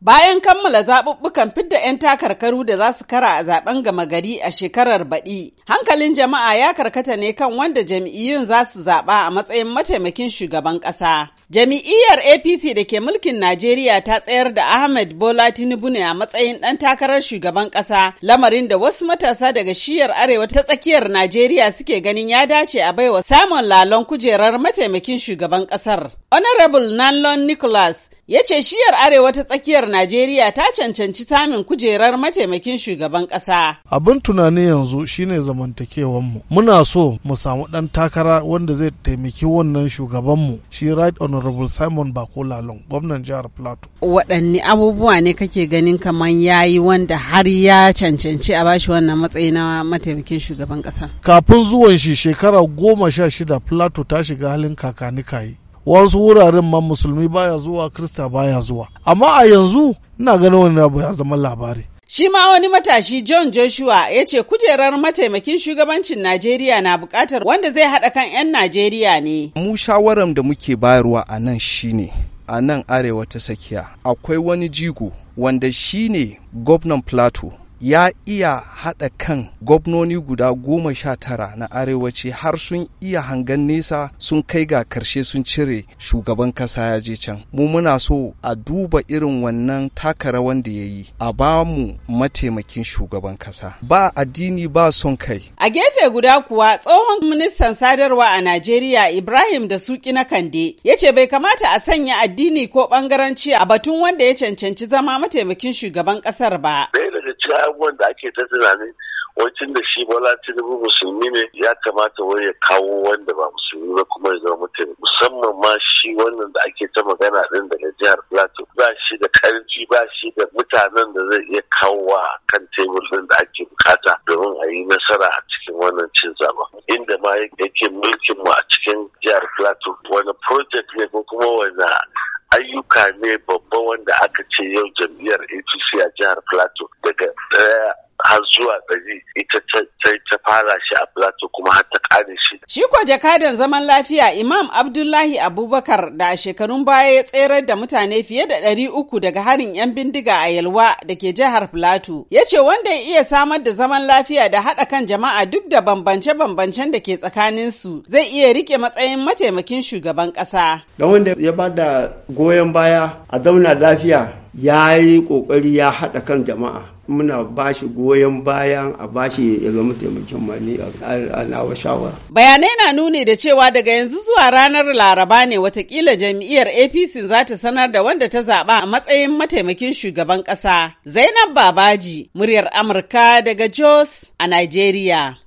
Bayan kammala zaɓuɓɓukan fidda 'yan takarkaru da za su kara a zaben gama gari a shekarar baɗi, hankalin jama'a ya karkata ne kan wanda jam'iyyun za su zaɓa a matsayin mataimakin shugaban ƙasa. Jami'iyyar APC da ke mulkin Najeriya ta tsayar da Ahmed Bola Tinubu ne a matsayin ɗan takarar shugaban ƙasa, lamarin da wasu matasa daga shiyar arewa ta tsakiyar Najeriya suke ganin ya dace a baiwa samun lalon kujerar mataimakin shugaban ƙasar. Honorable Nanlon Nicholas ya ce shiyar arewa ta tsakiyar Najeriya ta cancanci samun kujerar mataimakin shugaban ƙasa. Abin tunani yanzu shine zamantakewanmu. Muna so mu samu ɗan takara wanda zai taimaki wannan shugabanmu shi Right Honorable Simon Bakola Long, gwamnan jihar Plateau. Waɗanne abubuwa ne kake ganin kamar yayi wanda har ya cancanci a bashi wannan matsayi na mataimakin shugaban ƙasa? Kafin zuwan shi shekara goma sha shida Plateau ta shiga halin kakani wasu wuraren ma musulmi baya zuwa krista baya zuwa amma a yanzu ina ganin wani abu ya zama labari Shi ma wani matashi John Joshua ya ce kujerar mataimakin shugabancin Najeriya na bukatar wanda zai haɗa kan 'yan Najeriya ne. Mu shawaran da muke bayarwa a nan shine a nan arewa ta tsakiya akwai wani jigo wanda shine gwamnan Plateau ya iya haɗa kan gwamnoni guda goma sha tara na arewaci har sun iya hangen nesa sun kai ga karshe sun cire shugaban kasa ya je can mu muna so a duba irin wannan taka rawan da ya yi a ba mu mataimakin shugaban kasa ba addini ba son kai a gefe guda kuwa tsohon ministan sadarwa a najeriya ibrahim da suki na kande ya ce bai kamata a sanya addini ko bangaranci a batun wanda ya cancanci zama mataimakin shugaban kasar ba abubuwan da ake ta tunanin wancan da shi bala Tinubu musulmi ne ya kamata wai ya kawo wanda ba musulmi ba kuma ya zama mutum musamman ma shi wannan da ake ta magana din daga jihar Plateau ba shi da karfi ba shi da mutanen da zai iya kawowa kan tebur din da ake bukata domin a yi nasara a cikin wannan cin zaba inda ma yake mulkin mu a cikin jihar Plateau wani project ne ko kuma wani ayyuka ne babba wanda aka ce yau jam'iyyar apc a jihar plateau daga ɗaya. har zuwa ɗari ita ta fara shi a plateau kuma har ta ƙare shi. Shi ko jakadan zaman lafiya Imam Abdullahi Abubakar da a shekarun baya ya tserar da mutane fiye da ɗari uku daga harin 'yan bindiga a Yalwa da ke jihar Plateau. Ya ce wanda ya iya samar da zaman lafiya da haɗa kan jama'a duk da bambance-bambancen da ke tsakaninsu zai iya rike matsayin mataimakin shugaban ƙasa. Da wanda ya bada goyon baya a zauna lafiya ya yi ƙoƙari ya haɗa kan jama'a muna ba shi goyon bayan a ba shi ya zama taimakon mani a nawa shawara. Bayanai na nuni da cewa daga yanzu zuwa ranar Laraba ne watakila jam'iyyar APC za ta sanar da wanda ta zaɓa a matsayin mataimakin shugaban ƙasa. Zainab Babaji, muryar Amurka daga Jos a Nigeria.